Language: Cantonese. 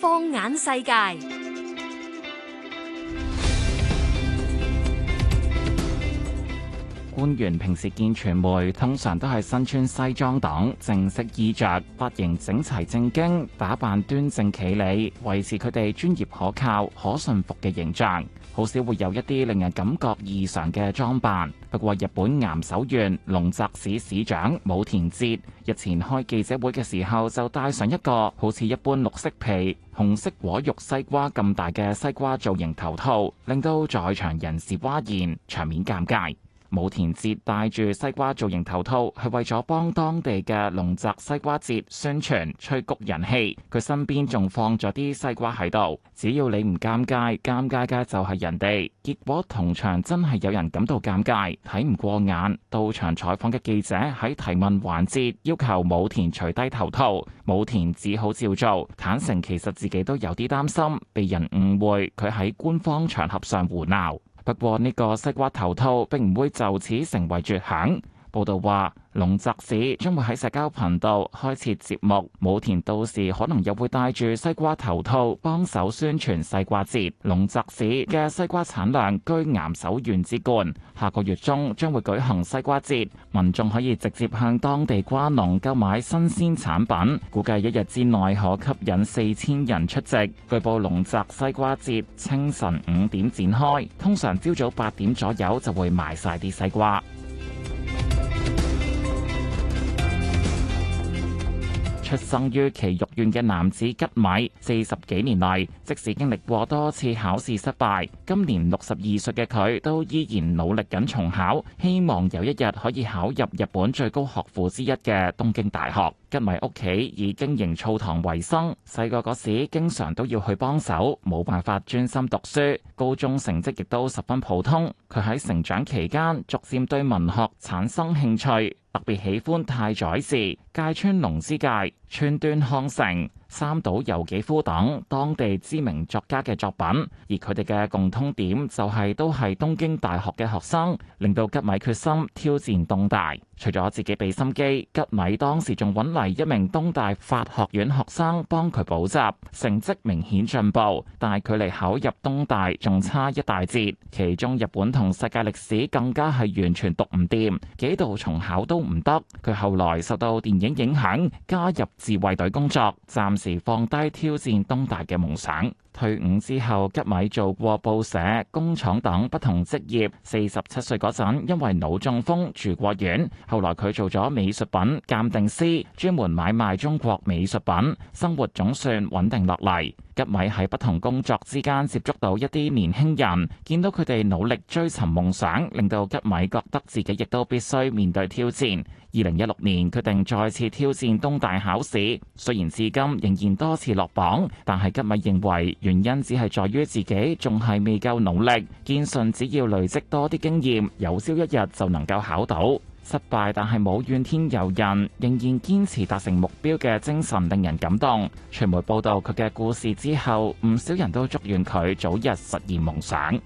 放眼世界。官員平時見傳媒，通常都係身穿西裝等正式衣着，髮型整齊正經，打扮端正企理，維持佢哋專業可靠、可信服嘅形象。好少會有一啲令人感覺異常嘅裝扮。不過，日本岩手縣龍澤市市長武田哲日前開記者會嘅時候，就戴上一個好似一般綠色皮、紅色果肉西瓜咁大嘅西瓜造型頭套，令到在場人士嘩然，場面尷尬。武田節戴住西瓜造型頭套，係為咗幫當地嘅龍澤西瓜節宣傳，催谷人氣，佢身邊仲放咗啲西瓜喺度。只要你唔尷尬，尷尬嘅就係人哋。結果同場真係有人感到尷尬，睇唔過眼。到場採訪嘅記者喺提問環節要求武田除低頭套，武田只好照做。坦承其實自己都有啲擔心，被人誤會佢喺官方場合上胡鬧。不過呢個西瓜頭套並唔會就此成為絕響，報道話。龍澤市將會喺社交頻道開設節目，武田到時可能又會戴住西瓜頭套幫手宣傳西瓜節。龍澤市嘅西瓜產量居岩手縣之冠，下個月中將會舉行西瓜節，民眾可以直接向當地瓜農購買新鮮產品，估計一日之內可吸引四千人出席。據報龍澤西瓜節清晨五點展開，通常朝早八點左右就會賣晒啲西瓜。出生於埼玉縣嘅男子吉米，四十幾年嚟，即使經歷過多次考試失敗，今年六十二歲嘅佢都依然努力緊重考，希望有一日可以考入日本最高學府之一嘅東京大學。吉米屋企以經營澡堂為生，細個嗰時經常都要去幫手，冇辦法專心讀書，高中成績亦都十分普通。佢喺成長期間逐漸對文學產生興趣。特別喜歡太宰治、芥川龍之介、川端康成、三島由紀夫等當地知名作家嘅作品，而佢哋嘅共通點就係都係東京大學嘅學生，令到吉米決心挑戰東大。除咗自己俾心機，吉米當時仲揾嚟一名東大法學院學生幫佢補習，成績明顯進步。但係距離考入東大仲差一大截，其中日本同世界歷史更加係完全讀唔掂，幾度重考都唔得。佢後來受到電影影響，加入自衛隊工作，暫時時放低挑戰東大嘅夢想。退伍之後吉米做過報社、工廠等不同職業，四十七歲嗰陣因為腦中風住過院，後來佢做咗美術品鑑定師，專門買賣中國美術品，生活總算穩定落嚟。吉米喺不同工作之間接觸到一啲年輕人，見到佢哋努力追尋夢想，令到原因只係在於自己仲係未夠努力，堅信只要累積多啲經驗，有朝一日就能夠考到。失敗但係冇怨天尤人，仍然堅持達成目標嘅精神令人感動。傳媒報道佢嘅故事之後，唔少人都祝願佢早日實現夢想。